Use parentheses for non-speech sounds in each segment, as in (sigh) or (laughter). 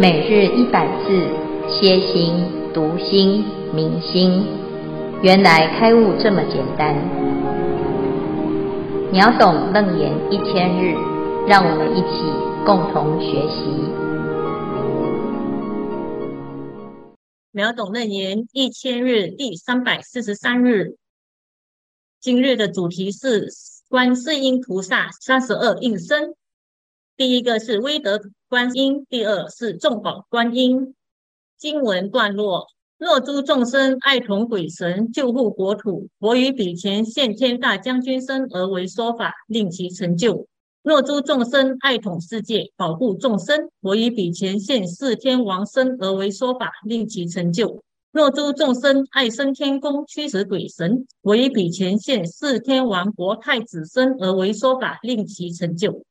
每日一百字，切心、讀心、明心，原來開悟這麼簡單。秒懂楞嚴一千日，讓我們一起共同學習。秒懂楞嚴一千日第三百四十三日，今日的主題是觀世音菩薩三十二應身。第一個是威德觀音，第二是眾寶觀音。經文段落：若諸眾生愛統鬼神，救護國土，我於彼前現天大將軍身而為說法，令其成就；若諸眾生愛統世界，保護眾生，我於彼前現四天王身而為說法，令其成就；若諸眾生愛生天宮，驅使鬼神，我於彼前現四天王國太子身而為說法，令其成就。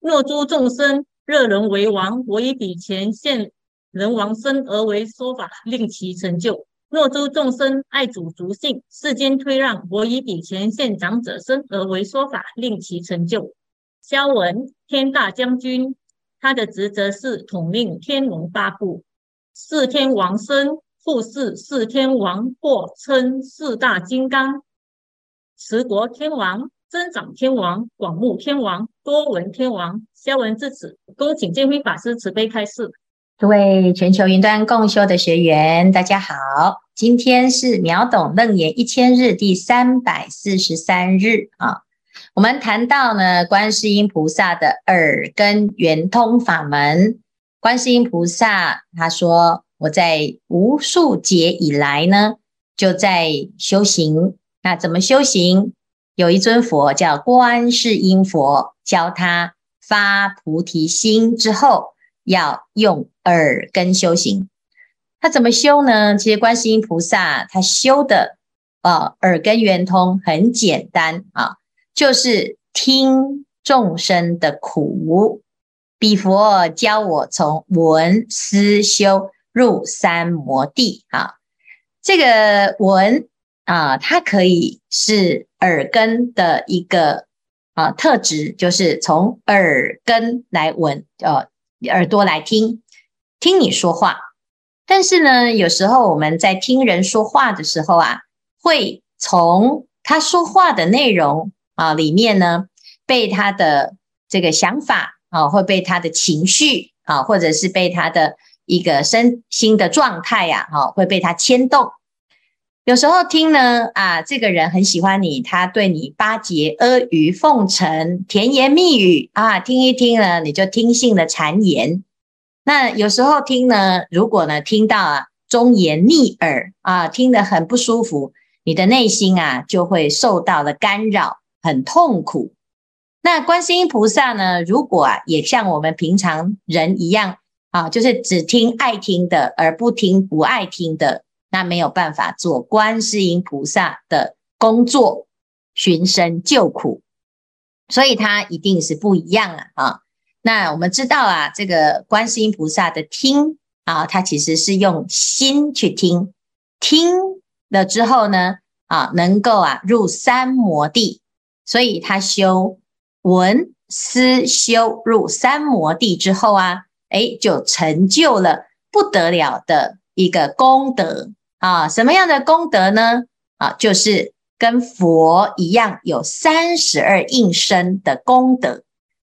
若諸眾生熱人為王，我以彼前現人王身而為說法，令其成就；若諸眾生愛主族姓，世間推讓，我以彼前現長者身而為說法，令其成就。蕭文天大將軍，他的職責是統領天龍八部，四天王身，護世四天王，或稱四大金剛、持國天王、增長天王、廣目天王、多聞天王、消文智子，恭請見輝法師慈悲開示。各位全球雲端共修的學員，大家好，今天是秒懂楞嚴一千日第三百四十三日啊。我們談到呢，觀世音菩薩的耳根圓通法門。觀世音菩薩他說：“我在無數劫以來呢，就在修行。那怎麼修行？”有一尊佛叫觀世音佛，教他發菩提心之後，要用耳根修行。他怎麼修呢？其實觀世音菩薩他修的啊耳根圓通很簡單啊，就是聽眾生的苦。彼佛教我從聞思修入三摩地。啊，這個聞。啊、呃，它可以是耳根的一個啊、呃、特質，就是從耳根來聞，呃，耳朵來聽，聽你說話。但是呢，有時候我們在聽人說話的時候啊，會從他說話的內容啊、呃、裡面呢，被他的這個想法啊、呃，會被他的情緒啊、呃，或者是被他的一個身心的狀態呀、啊，哈、呃，會被他牽動。有時候聽呢，啊，這個人很喜歡你，他對你巴結阿諛奉承，甜言蜜語啊，聽一聽呢，你就聽信了讒言。那有時候聽呢，如果呢聽到啊忠言逆耳啊，聽得很不舒服，你的內心啊就會受到了干擾，很痛苦。那觀世音菩薩呢，如果啊也像我們平常人一樣啊，就是只聽愛聽的，而不聽不愛聽的。那沒有辦法做觀世音菩薩的工作，尋聲救苦，所以他一定是不一樣啊！啊，那我們知道啊，這個觀世音菩薩的聽啊，他其實是用心去聽，聽了之後呢，啊，能夠啊入三摩地，所以他修聞思修入三摩地之後啊，哎，就成就了不得了的一個功德。啊，什麼樣的功德呢？啊，就是跟佛一樣有三十二應身的功德。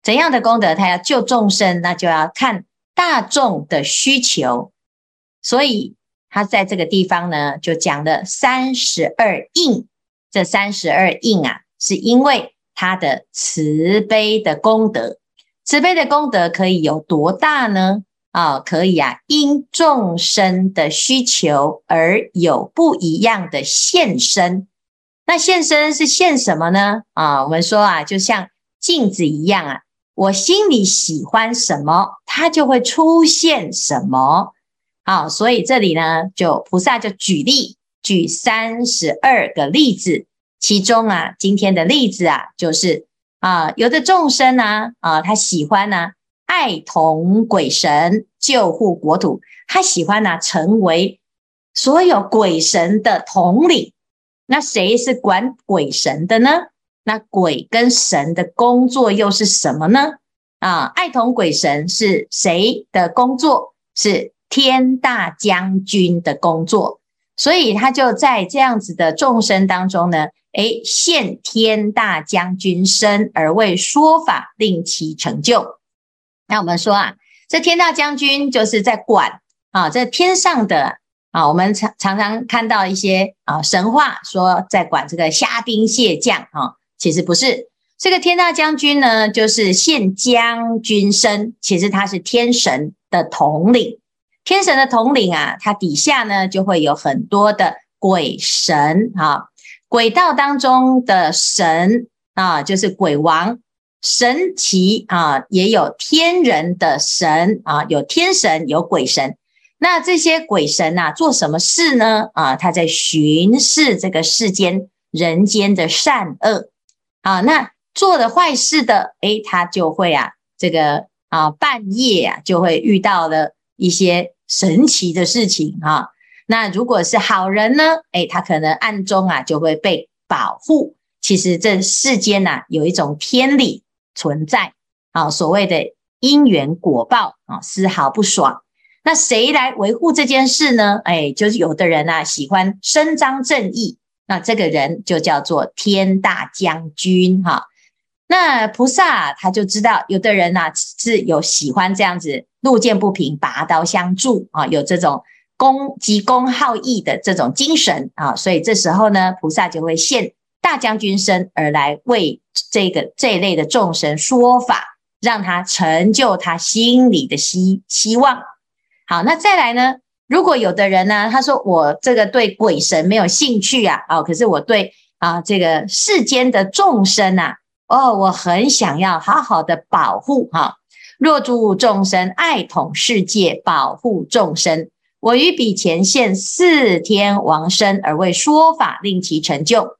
怎樣的功德，他要救眾生，那就要看大眾的需求。所以他在這個地方呢，就講了三十二應。這三十二應啊，是因為他的慈悲的功德。慈悲的功德可以有多大呢？啊、哦，可以啊，因眾生的需求而有不一樣的現身。那現身是現什麼呢？啊、哦，我們說啊，就像鏡子一樣啊，我心裡喜歡什麼，它就會出現什麼。啊、哦，所以這裡呢，就菩薩就舉例，舉三十二個例子，其中啊，今天的例子啊，就是啊、呃，有的眾生呢，啊，他、呃、喜歡呢、啊。愛統鬼神救護國土，他喜歡呢、啊，成為所有鬼神的統領。那誰是管鬼神的呢？那鬼跟神的工作又是什麼呢？啊，愛統鬼神是誰的工作？是天大將軍的工作。所以他就在這樣子的眾生當中呢，誒，現天大將軍身而為說法，令其成就。那我們說啊，這天大將軍就是在管啊，這天上的啊，我們常常常看到一些啊神話說，在管這個蝦兵蟹將啊，其實不是。這個天大將軍呢，就是現將軍身，其實他是天神的統領，天神的統領啊，他底下呢就會有很多的鬼神啊，鬼道當中的神啊，就是鬼王。神奇啊，也有天人的神啊，有天神，有鬼神。那這些鬼神吶、啊，做什麼事呢？啊，他在巡視這個世間人間的善惡。啊，那做了壞事的，誒、欸，他就會啊，這個啊，半夜啊，就會遇到了一些神奇的事情啊。那如果是好人呢，誒、欸，他可能暗中啊，就會被保護。其實這世間吶、啊，有一種天理。存在啊，所謂的因緣果報啊，絲毫不爽。那誰來維護這件事呢？哎，就是有的人啊，喜歡伸張正義。那這個人就叫做天大將軍哈。那菩薩啊，他就知道，有的人啊，是有喜歡這樣子路見不平拔刀相助啊，有這種公急公好義的這種精神啊，所以這時候呢，菩薩就會現大將軍身而來為這個這一類的眾生說法，讓他成就他心裡的希希望。好，那再來呢？如果有的人呢、啊，他說我這個對鬼神沒有興趣啊，哦，可是我對啊這個世間的眾生吶、啊，哦，我很想要好好的保護哈，若、啊、諸眾生愛統世界，保護眾生，我於彼前現四天王身而為說法，令其成就。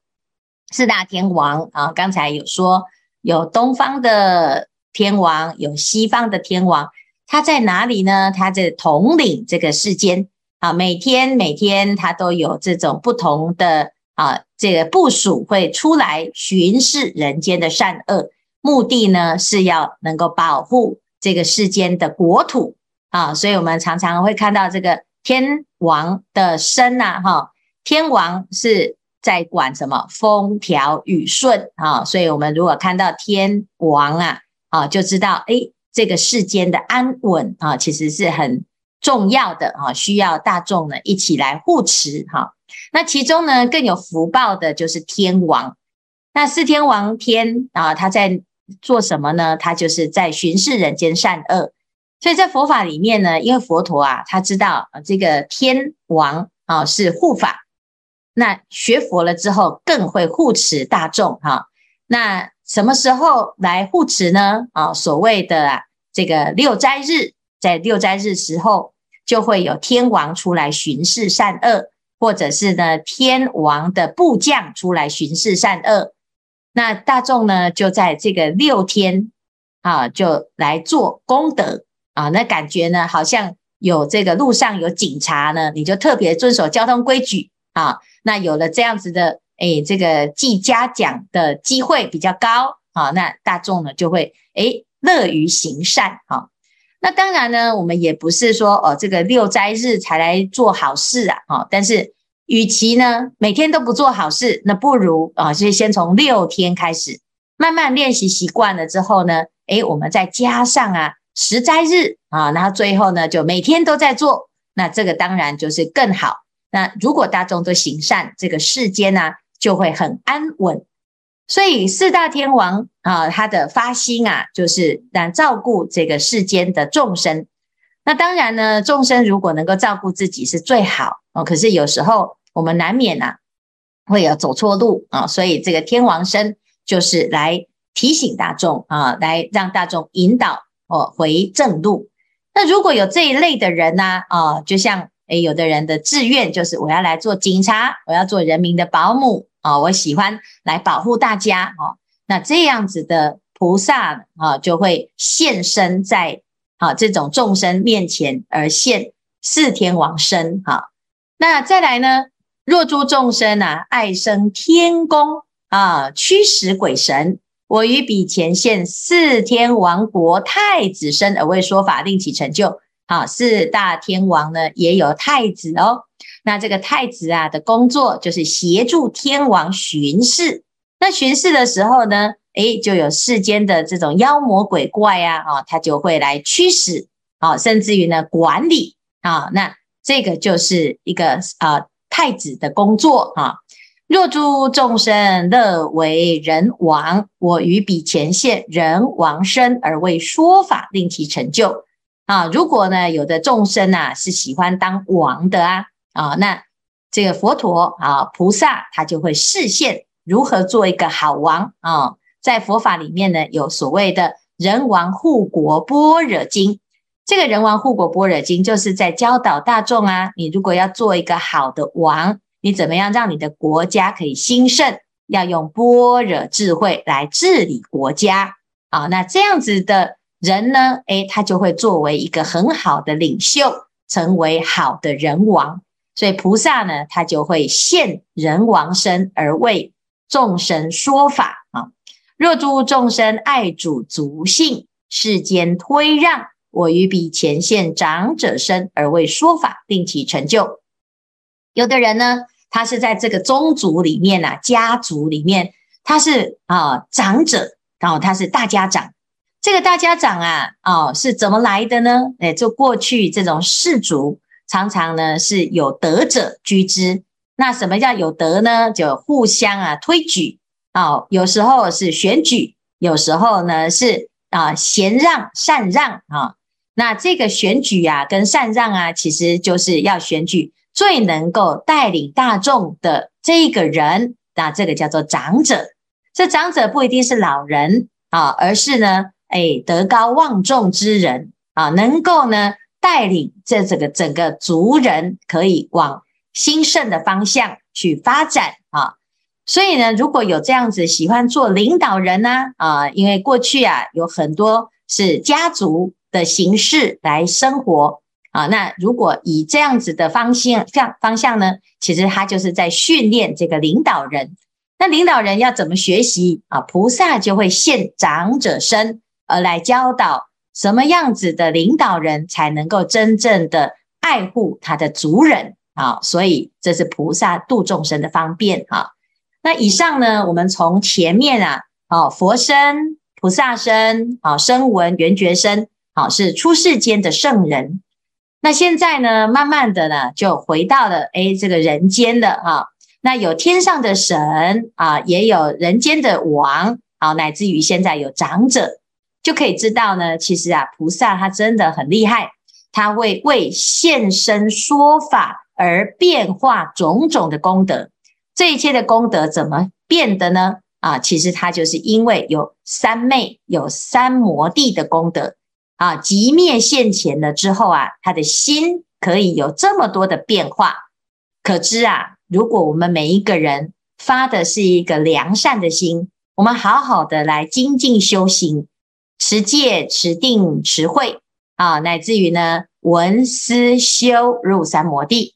四大天王啊，剛才有說有東方的天王，有西方的天王，他在哪裡呢？他在統領這個世間啊，每天每天他都有這種不同的啊，這個部署會出來巡視人間的善惡，目的呢是要能夠保護這個世間的國土啊，所以我們常常會看到這個天王的身吶，哈，天王是。在管什麼風調雨順啊，所以我們如果看到天王啊，啊，就知道哎，這個世間的安穩啊，其實是很重要的啊，需要大眾呢一起來護持哈、啊。那其中呢更有福報的，就是天王。那四天王天啊，他在做什麼呢？他就是在巡視人間善惡。所以在佛法裡面呢，因為佛陀啊，他知道這個天王啊是護法。那學佛了之後，更會護持大眾哈、啊。那什麼時候來護持呢？啊，所謂的啊，這個六齋日，在六齋日時候，就會有天王出來巡視善惡，或者是呢，天王的部將出來巡視善惡。那大眾呢，就在這個六天啊，就來做功德啊。那感覺呢，好像有這個路上有警察呢，你就特別遵守交通規矩啊。那有了這樣子的，哎、欸，這個記嘉獎的機會比較高啊、哦，那大眾呢，就會哎樂於行善啊、哦，那當然呢，我們也不是說哦，這個六齋日才來做好事啊，哈、哦。但是，與其呢，每天都不做好事，那不如啊，就、哦、先從六天開始，慢慢練習習慣了之後呢，哎、欸，我們再加上啊十齋日啊、哦，然後最後呢，就每天都在做，那這個當然就是更好。那如果大眾都行善，這個世間呢、啊、就會很安穩。所以四大天王啊，他的發心啊，就是來照顧這個世間的眾生。那當然呢，眾生如果能夠照顧自己是最好哦、啊。可是有時候我們難免吶、啊，會有走錯路啊。所以這個天王身就是來提醒大眾啊，來讓大眾引導、啊、回正路。那如果有這一類的人呢、啊，啊，就像。誒，有的人的志願就是我要來做警察，我要做人民的保姆啊，我喜歡來保護大家哦、啊。那這樣子的菩薩啊，就會現身在啊這種眾生面前而現四天王身哈、啊。那再來呢，若諸眾生啊愛生天宮啊，驅使鬼神，我於彼前現四天王國太子身而為說法，令其成就。好、哦，四大天王呢也有太子哦。那這個太子啊的工作就是協助天王巡視。那巡視的時候呢，誒，就有世間的這種妖魔鬼怪呀、啊，啊、哦，他就會來驅使，啊、哦，甚至於呢管理啊、哦。那這個就是一個啊、呃、太子的工作啊、哦。若諸眾生樂為人王，我於彼前現人王身而為說法，令其成就。啊，如果呢，有的眾生啊是喜歡當王的啊，啊，那這個佛陀啊，菩薩他就會示現如何做一個好王啊。在佛法裡面呢，有所謂的《仁王護國般若經》，這個《仁王護國般若經》就是在教導大眾啊，你如果要做一個好的王，你怎麼樣讓你的國家可以興盛，要用般若智慧來治理國家啊。那這樣子的。人呢，誒，他就會作為一個很好的領袖，成為好的人王。所以菩薩呢，他就會現人王身而為眾生說法啊。若諸眾生愛主族姓，世間推讓，我於彼前現長者身而為說法，令其成就。有的人呢，他是在這個宗族裡面吶、啊，家族裡面，他是啊長者，然後他是大家長。這個大家長啊，哦，是怎麼來的呢？誒就過去這種氏族常常呢是有德者居之。那什麼叫有德呢？就互相啊推舉啊、哦，有時候是選舉，有時候呢是啊賢讓禪讓啊、哦。那這個選舉啊跟禪讓啊，其實就是要選舉最能夠帶領大眾的這個人。那這個叫做長者。這長者不一定是老人啊，而是呢。哎，德高望重之人啊，能夠呢帶領這整個整個族人，可以往興盛的方向去發展啊。所以呢，如果有這樣子喜歡做領導人呢，啊，啊，因為過去啊有很多是家族的形式來生活啊，那如果以這樣子的方向向方向呢，其實他就是在訓練這個領導人。那領導人要怎麼學習啊？菩薩就會現長者身。而來教導什麼樣子的領導人才能夠真正的愛護他的族人啊，所以這是菩薩度眾生的方便啊。那以上呢，我們從前面啊，哦佛身、菩薩身、哦聲聞、緣覺身，好是出世間的聖人。那現在呢，慢慢的呢，就回到了誒這個人間了啊，那有天上的神啊，也有人間的王啊，乃至於現在有長者。就可以知道呢，其實啊，菩薩他真的很厲害，他會為，為現身說法而變化種種的功德。這一切的功德怎麼變的呢？啊，其實他就是因為有三昧、有三摩地的功德啊，寂滅現前了之後啊，他的心可以有這麼多的變化。可知啊，如果我們每一個人發的是一個良善的心，我們好好的來精進修行。持戒、持定、持慧啊，乃至於呢，聞思修入三摩地，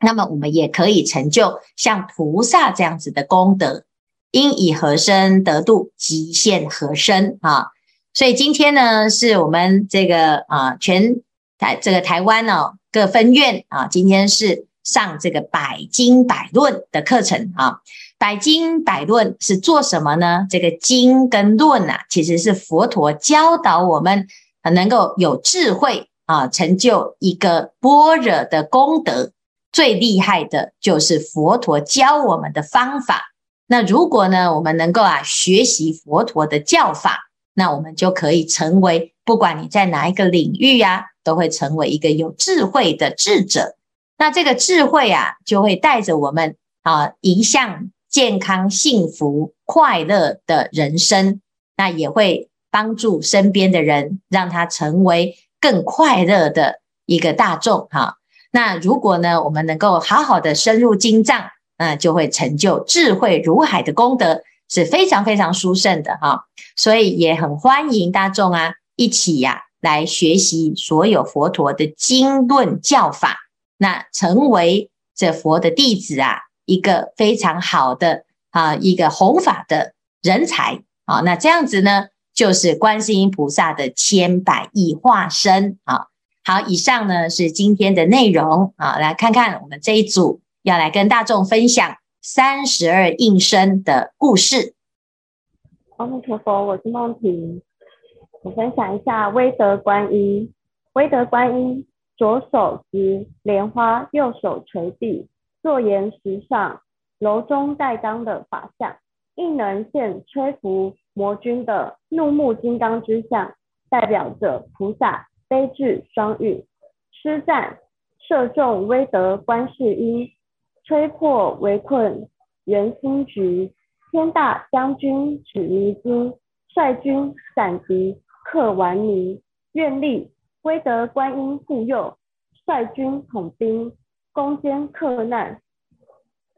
那麼我們也可以成就像菩薩這樣子的功德，應以何身得度，即現何身啊。所以今天呢，是我們這個啊，全台這個台灣哦，各分院啊，今天是上這個《百經百論》的課程啊。百經百論是做什麼呢？這個經跟論啊，其實是佛陀教導我們，能夠有智慧啊、呃，成就一個般若的功德。最厲害的就是佛陀教我們的方法。那如果呢，我們能夠啊學習佛陀的教法，那我們就可以成為不管你在哪一個領域呀、啊，都會成為一個有智慧的智者。那這個智慧啊，就會帶着我們啊，一、呃、向。健康、幸福、快樂的人生，那也會幫助身邊的人，讓他成為更快樂的一個大眾哈。那如果呢，我們能夠好好的深入經藏，那就會成就智慧如海的功德，是非常非常殊勝的哈。所以也很歡迎大眾啊，一起呀、啊、來學習所有佛陀的經論教法，那成為這佛的弟子啊。一個非常好的啊，一個弘法的人才啊，那這樣子呢，就是觀世音菩薩的千百億化身啊。好，以上呢，是今天的內容啊，來看看我們這一組要來跟大眾分享三十二應身的故事。阿彌陀佛，我是夢婷，我分享一下威德觀音。威德觀音左手執蓮花，右手垂地。坐巖石上，柔中帶剛的法相，亦能現摧伏魔君的怒目金剛之相，代表着菩薩悲智雙運。詩讚：射眾威德觀世音，摧破圍困圓心局。天大將軍舉離經，率軍斬敵克頑泥。願力威德觀音護佑，率軍統兵。攻堅克難。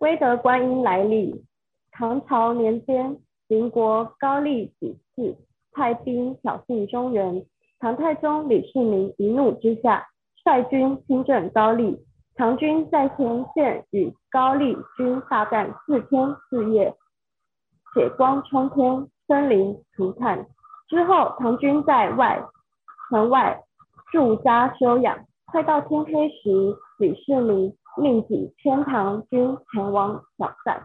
威德觀音來歷：唐朝年間，鄰國高麗幾次派兵挑釁中原，唐太宗李世民一怒之下，率軍親征高麗。唐軍在前線與高麗軍大戰四天四夜，血光沖天，生靈塗炭。之後，唐軍在外城外駐紮休養。快到天黑時，李世民命幾千唐軍前往挑戰，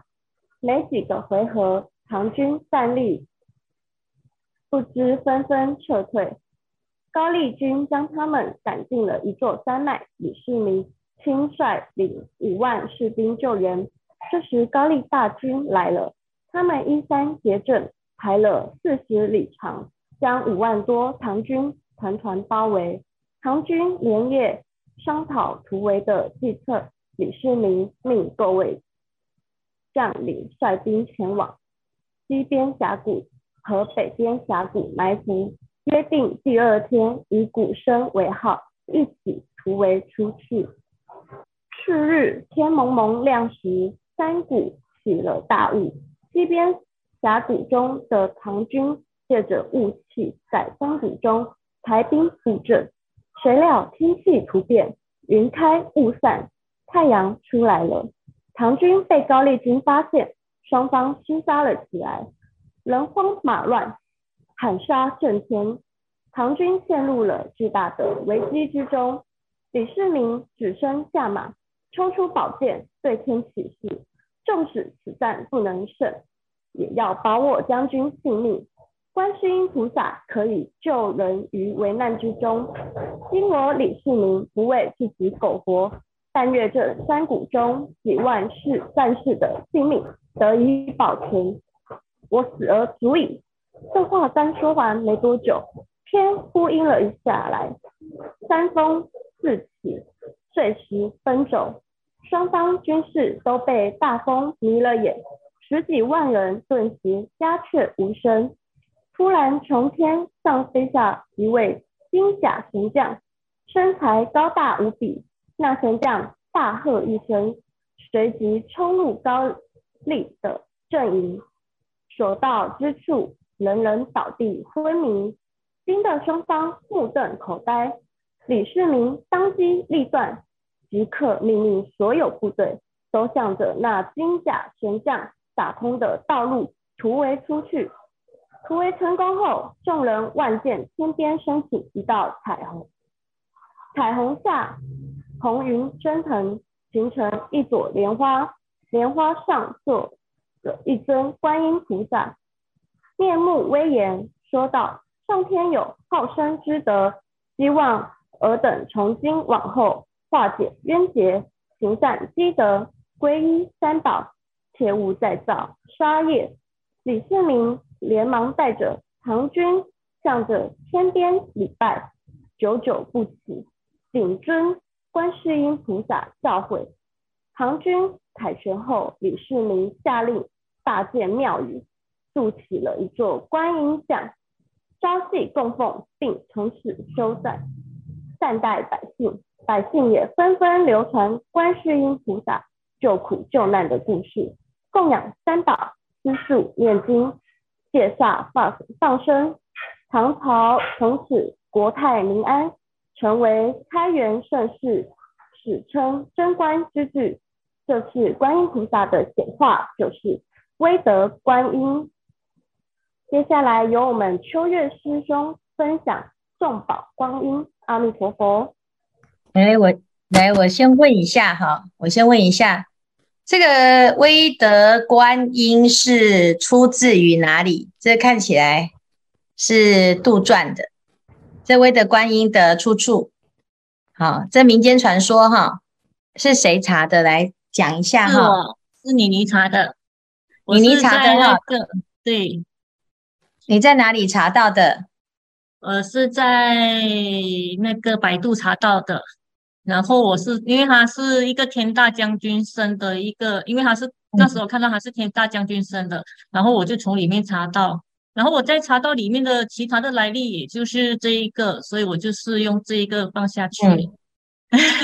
沒幾個回合，唐軍戰力不支，紛紛撤退。高麗軍將他們趕進了一座山脈，李世民親率領五萬士兵救援。這時高麗大軍來了，他們依山結陣，排了四十里長，將五萬多唐軍團團包圍。唐軍連夜商討突圍的計策，李世民命各位將領率兵前往西邊峽谷和北邊峽谷埋伏，約定第二天以鼓聲為號，一起突圍出去。次日天蒙蒙亮時，山谷起了大霧，西邊峽谷中的唐軍借着霧氣在山谷中排兵布陣。誰料天氣突變，雲開霧散，太陽出來了。唐軍被高麗軍發現，雙方廝殺了起來，人慌馬亂，喊殺震天。唐軍陷入了巨大的危機之中。李世民只身下馬，抽出寶劍，對天起誓，縱使此戰不能勝，也要保我將軍性命。觀世音菩薩可以救人於危難之中。今我李世民不為自己苟活，但願這山谷中幾萬世戰士的性命得以保全，我死而足矣。這話剛說完沒多久，天忽陰了一下來，山風四起，碎石奔走，雙方軍士都被大風迷了眼，十幾萬人頓時鴉雀無聲。突然，從天上飛下一位金甲神將，身材高大無比。那神將大喝一聲，隨即衝入高麗的陣營，所到之處，人人倒地昏迷。驚得雙方目瞪口呆。李世民當機立斷，即刻命令所有部隊都向着那金甲神將打通的道路突圍出去。突圍成功後，眾人望見天邊升起一道彩虹，彩虹下紅雲蒸騰，形成一朵蓮花，蓮花上坐着一尊觀音菩薩，面目威嚴，說道：“上天有好生之德，希望爾等從今往後化解冤結，行善積德，皈依三寶，切勿再造殺業。”李世民，連忙帶着唐軍向着天邊禮拜，久久不起，謹遵觀世音菩薩教誨。唐軍凱旋後，李世民下令大建廟宇，築起了一座觀音像，朝夕供奉，並從此修繕，善待百姓。百姓也紛紛流傳觀世音菩薩救苦救難的故事，供養三寶，施術念經。戒殺，放放生，唐朝從此國泰民安，成為開元盛世，史稱貞觀之治。這是觀音菩薩的顯化，就是威德觀音。接下來由我們秋月師兄分享眾寶觀音，阿彌陀佛。哎，我來，我先問一下哈，我先問一下。這個威德觀音是出自於哪裡？這看起來是杜撰的。這威德觀音的出處，好，這民間傳說哈，是誰查的？來講一下哈。是你妮查的。妮妮查的那個，對。你在哪裡查到的？我是在那個百度查到的。然後我是因為他是一個天大將軍生的一個，因為他是那時候我看到他是天大將軍生的，然後我就從裡面查到，然後我再查到裡面的其他的來歷，也就是這一個，所以我就是用這一個放下去，嗯。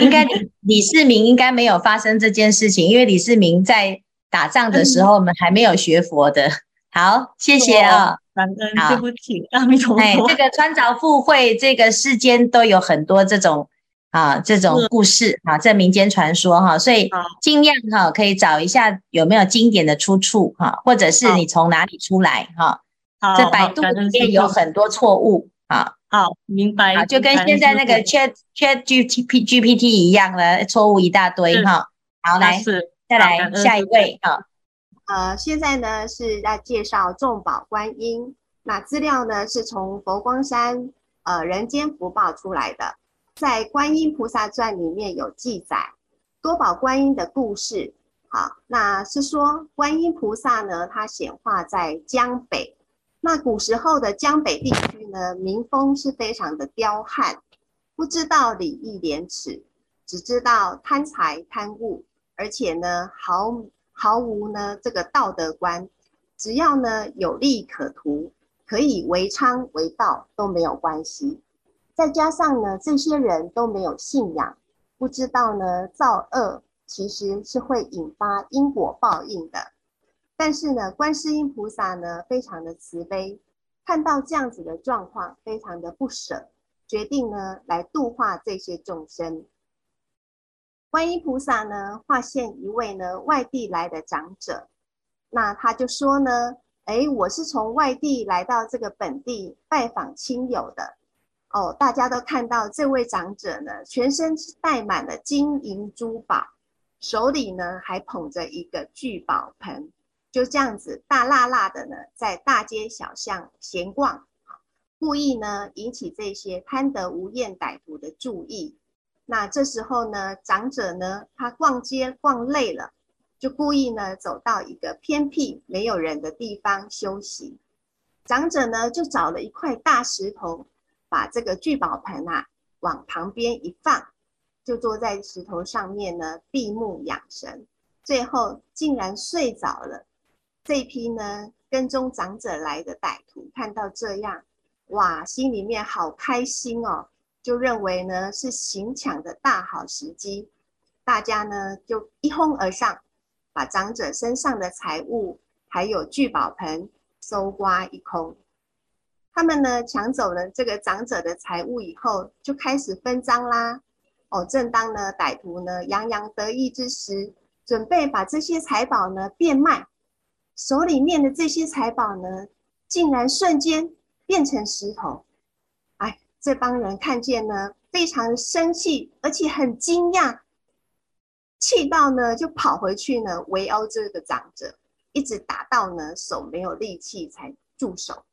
應該李世民應該沒有發生這件事情， (laughs) 因為李世民在打仗的時候，我們還沒有學佛的。好，謝謝啊，哦，感恩，嗯，對不起，阿彌陀佛。哎，這個穿鑿附會，這個世間都有很多這種。啊，這種故事是啊，這民間傳說哈、啊，所以儘量哈、啊、可以找一下有沒有經典的出處哈、啊，或者是你從哪裡出來哈。在、啊、好百度裡面有很多錯誤好、嗯、啊。好，明白。就跟現在那個 ChatGPT GPT 一樣了，錯誤一大堆是哈。好，是來再來好恩下一位啊。呃，現在呢是要介紹眾寶觀音，那資料呢是從佛光山呃人間福報出來的。在《觀音菩薩傳》裡面有記載多寶觀音的故事。好，那是說觀音菩薩呢，他顯化在江北。那古時候的江北地區呢，民風是非常的彪悍，不知道禮義廉恥，只知道貪財貪物，而且呢，毫毫無呢這個道德觀，只要呢有利可圖，可以為娼為盜都沒有關係。再加上呢，這些人都沒有信仰，不知道呢造惡其實是會引發因果報應的。但是呢，觀世音菩薩呢非常的慈悲，看到這樣子的狀況，非常的不捨，決定呢來度化這些眾生。觀音菩薩呢，化現一位呢外地來的長者，那他就說呢，哎，我是從外地來到這個本地拜訪親友的。哦，大家都看到這位長者呢，全身戴滿了金銀珠寶，手裡呢還捧着一個聚寶盆，就這樣子大剌剌的呢，在大街小巷閒逛，故意呢引起這些貪得無厭歹徒的注意。那這時候呢，長者呢他逛街逛累了，就故意呢走到一個偏僻沒有人的地方休息。長者呢就找了一塊大石頭。把這個聚寶盆啊，往旁邊一放，就坐在石頭上面呢，閉目養神，最後竟然睡着了。這一批呢跟蹤長者來的歹徒看到這樣，哇，心裡面好開心哦，就認為呢是行搶的大好時機，大家呢就一哄而上，把長者身上的財物還有聚寶盆搜刮一空。他們呢搶走了這個長者的財物以後，就開始分贓啦。哦，正當呢歹徒呢洋洋得意之時，準備把這些財寶呢變賣，手裡面的這些財寶呢，竟然瞬間變成石頭。哎，這幫人看見呢非常生氣，而且很驚訝，氣到呢就跑回去呢圍毆這個長者，一直打到呢手沒有力氣才住手。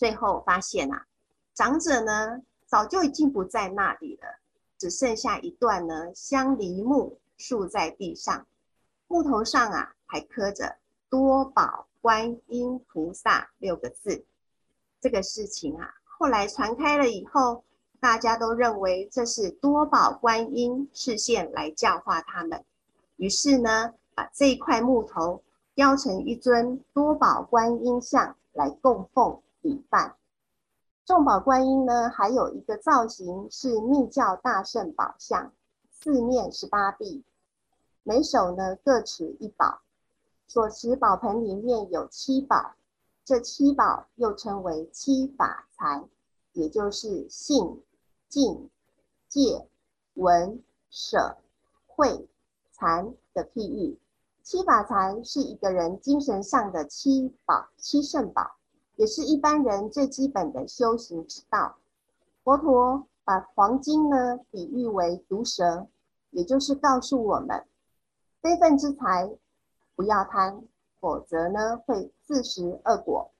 最後發現啊，長者呢早就已經不在那裡了，只剩下一段呢香梨木豎在地上，木頭上啊還刻着“多寶觀音菩薩”六個字。這個事情啊，後來傳開了以後，大家都認為這是多寶觀音示現來教化他們，於是呢，把這一塊木頭雕成一尊多寶觀音像來供奉。禮拜。眾寶觀音呢，還有一個造型是密教大聖寶像，四面十八臂，每手呢各持一寶，所持寶盆裡面有七寶，這七寶又稱為七法財，也就是信、淨、戒、聞、捨、慧、禪的譬喻。七法財是一個人精神上的七寶、七聖寶。也是一般人最基本的修行之道。佛陀把黃金呢比喻為毒蛇，也就是告訴我們，非分之財不要貪，否則呢會自食惡果。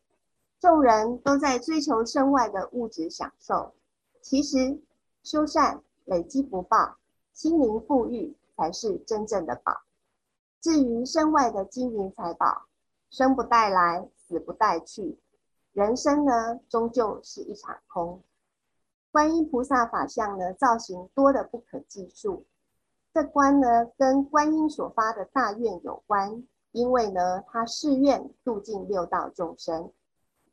眾人都在追求身外的物質享受，其實修善、累積福報、心靈富裕才是真正的寶。至於身外的金銀財寶，生不帶來，死不帶去。人生呢，終究是一場空。觀音菩薩法相呢，造型多得不可計數。這觀呢，跟觀音所發的大願有關，因為呢，他誓願度盡六道眾生。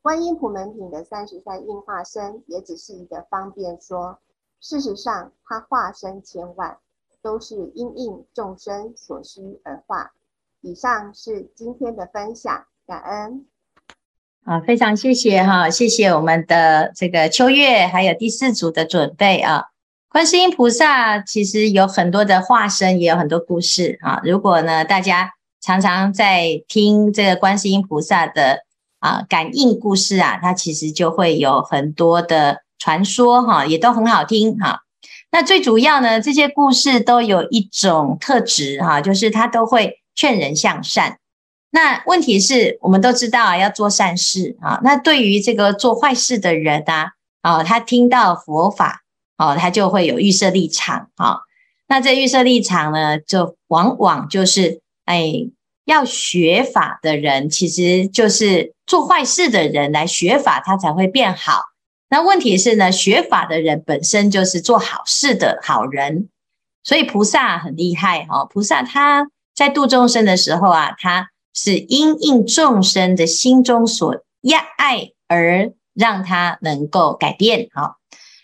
觀音普門品的三十三應化身，也只是一個方便說。事實上，他化身千萬，都是因應眾生所需而化。以上是今天的分享，感恩。啊，非常謝謝哈，謝謝我們的這個秋月，還有第四組的準備啊。觀世音菩薩其實有很多的化身，也有很多故事啊。如果呢，大家常常在聽這個觀世音菩薩的啊感應故事啊，它其實就會有很多的傳說哈，也都很好聽哈。那最主要呢，這些故事都有一種特質哈，就是它都會勸人向善。那問題是我們都知道啊，要做善事啊。那對於這個做壞事的人啊，哦、啊，他聽到佛法，哦、啊，他就會有預設立場啊。那這預設立場呢，就往往就是，哎，要學法的人其實就是做壞事的人來學法，他才會變好。那問題是呢，學法的人本身就是做好事的好人，所以菩薩很厲害哦。菩薩他在度眾生的時候啊，他。是因應眾生的心中所熱愛而讓他能夠改變。好，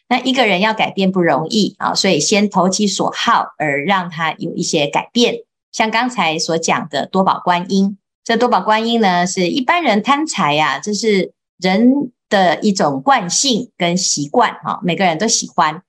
那一個人要改變不容易啊，所以先投其所好而讓他有一些改變。像剛才所講的多寶觀音，這多寶觀音呢，是一般人貪財呀、啊，這是人的一種慣性跟習慣啊。每個人都喜歡。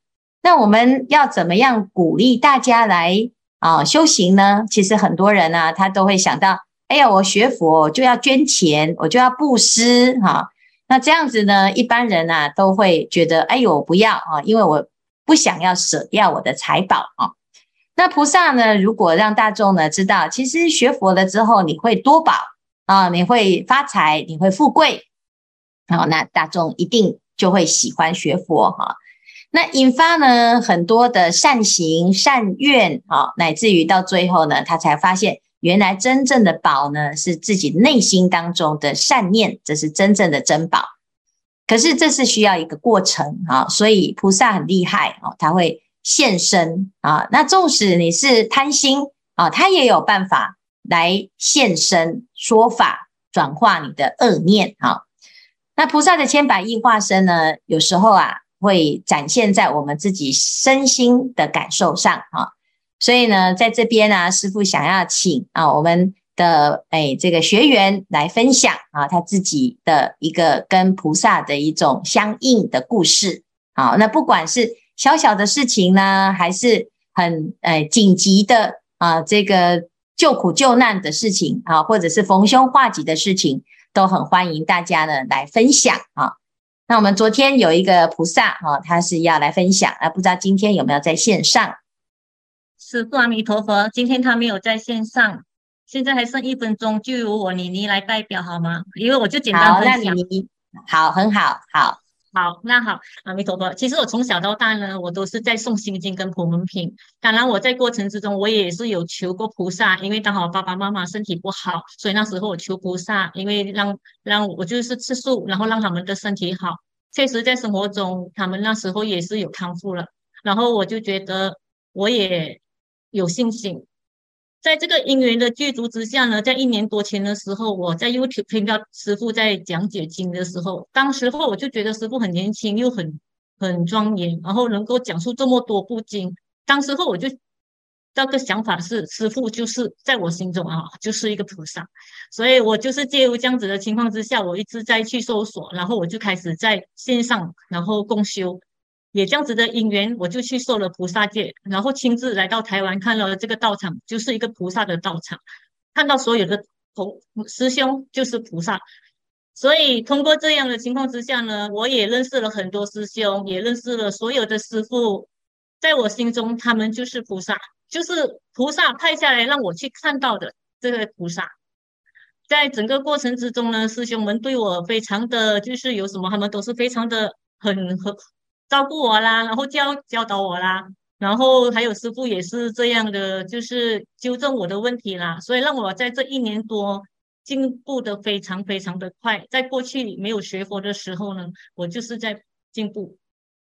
那我們要怎麼樣鼓勵大家來啊修行呢？其實很多人啊，他都會想到。哎呀，我學佛我就要捐錢，我就要布施哈、哦。那這樣子呢，一般人呢、啊、都會覺得，哎呦，我不要啊、哦，因為我不想要舍掉我的財寶啊。那菩薩呢，如果讓大眾呢知道，其實學佛了之後，你會多寶啊、哦，你會發財，你會富貴，然、哦、後那大眾一定就會喜歡學佛哈、哦。那引發呢很多的善行善、善願啊，乃至於到最後呢，他才發現。原來真正的寶呢，是自己內心當中的善念，這是真正的珍寶。可是這是需要一個過程啊，所以菩薩很厲害哦，他會現身啊。那縱使你是貪心啊，他也有辦法來現身說法，轉化你的惡念啊。那菩薩的千百億化身呢，有時候啊，會展現在我們自己身心的感受上啊。所以呢，在這邊呢、啊，師父想要請啊我們的哎、欸、這個學員來分享啊他自己的一個跟菩薩的一種相應的故事好，啊，那不管是小小的事情呢，還是很誒緊急的啊這個救苦救難的事情啊，或者是逢凶化吉的事情，都很歡迎大家呢來分享啊。那我們昨天有一個菩薩啊，他是要來分享，啊不知道今天有沒有在線上？是阿彌陀佛，今天他沒有在線上，現在還剩一分鐘，就由我妮妮來代表好嗎？因為我就簡單好，想你好，很好，好好，那好，阿彌陀佛。其實我從小到大呢，我都是在誦心經跟普門品。當然，我在過程之中，我也是有求過菩薩，因為剛好爸爸媽媽身體不好，所以那時候我求菩薩，因為讓讓我就是吃素，然後讓他們的身體好。確實，在生活中，他們那時候也是有康復了。然後我就覺得，我也。有信心，在這個因緣的具足之下呢，在一年多前的時候，我在 YouTube 聽到師父在講解經的時候，當時候我就覺得師父很年輕，又很很莊嚴，然後能夠講述這麼多部經，當時候我就那個想法是，師父就是在我心中啊，就是一個菩薩，所以我就是借由這樣子的情況之下，我一直在去搜索，然後我就開始在線上然後共修。也這樣子的因緣，我就去受了菩薩戒，然後親自來到台灣看了這個道場，就是一個菩薩的道場，看到所有的同師兄就是菩薩，所以通過這樣的情況之下呢，我也認識了很多師兄，也認識了所有的師父，在我心中他們就是菩薩，就是菩薩派下來讓我去看到的這個菩薩。在整個過程之中呢，師兄們對我非常的就是有什麼，他們都是非常的很很。照顧我啦，然後教教導我啦，然後還有師父也是這樣的，就是糾正我的問題啦，所以讓我在這一年多進步得非常非常的快。在過去沒有學佛的時候呢，我就是在進步，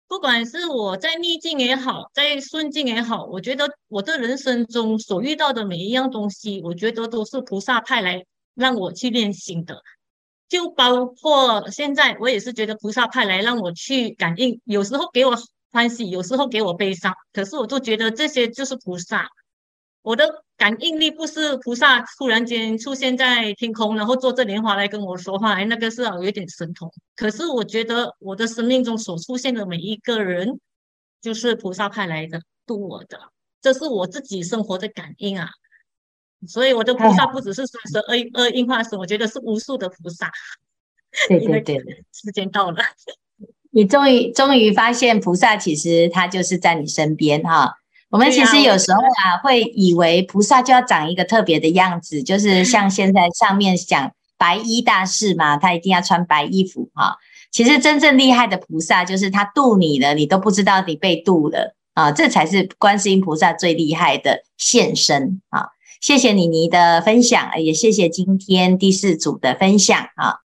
不管是我在逆境也好，在順境也好，我覺得我這人生中所遇到的每一樣東西，我覺得都是菩薩派來讓我去練心的。就包括現在，我也是覺得菩薩派來讓我去感應，有時候給我歡喜，有時候給我悲傷，可是我就覺得這些就是菩薩。我的感應力不是菩薩突然間出現在天空，然後坐著蓮花來跟我說話。哎，那個是有點神通。可是我覺得我的生命中所出現的每一個人，就是菩薩派來的，度我的，這是我自己生活的感應啊。所以我的菩薩不只是說是唉三十二應化身，我覺得是無數的菩薩。對對對，時間到了，你終於終於發現菩薩其實他就是在你身邊哈、啊。我們其實有時候啊，啊會以為菩薩就要長一個特別的樣子，就是像現在上面講白衣大士嘛， (laughs) 他一定要穿白衣服哈、啊。其實真正厲害的菩薩就是他渡你了，你都不知道你被渡了啊，這才是觀世音菩薩最厲害的現身啊。謝謝妮妮的分享，也謝謝今天第四組的分享啊。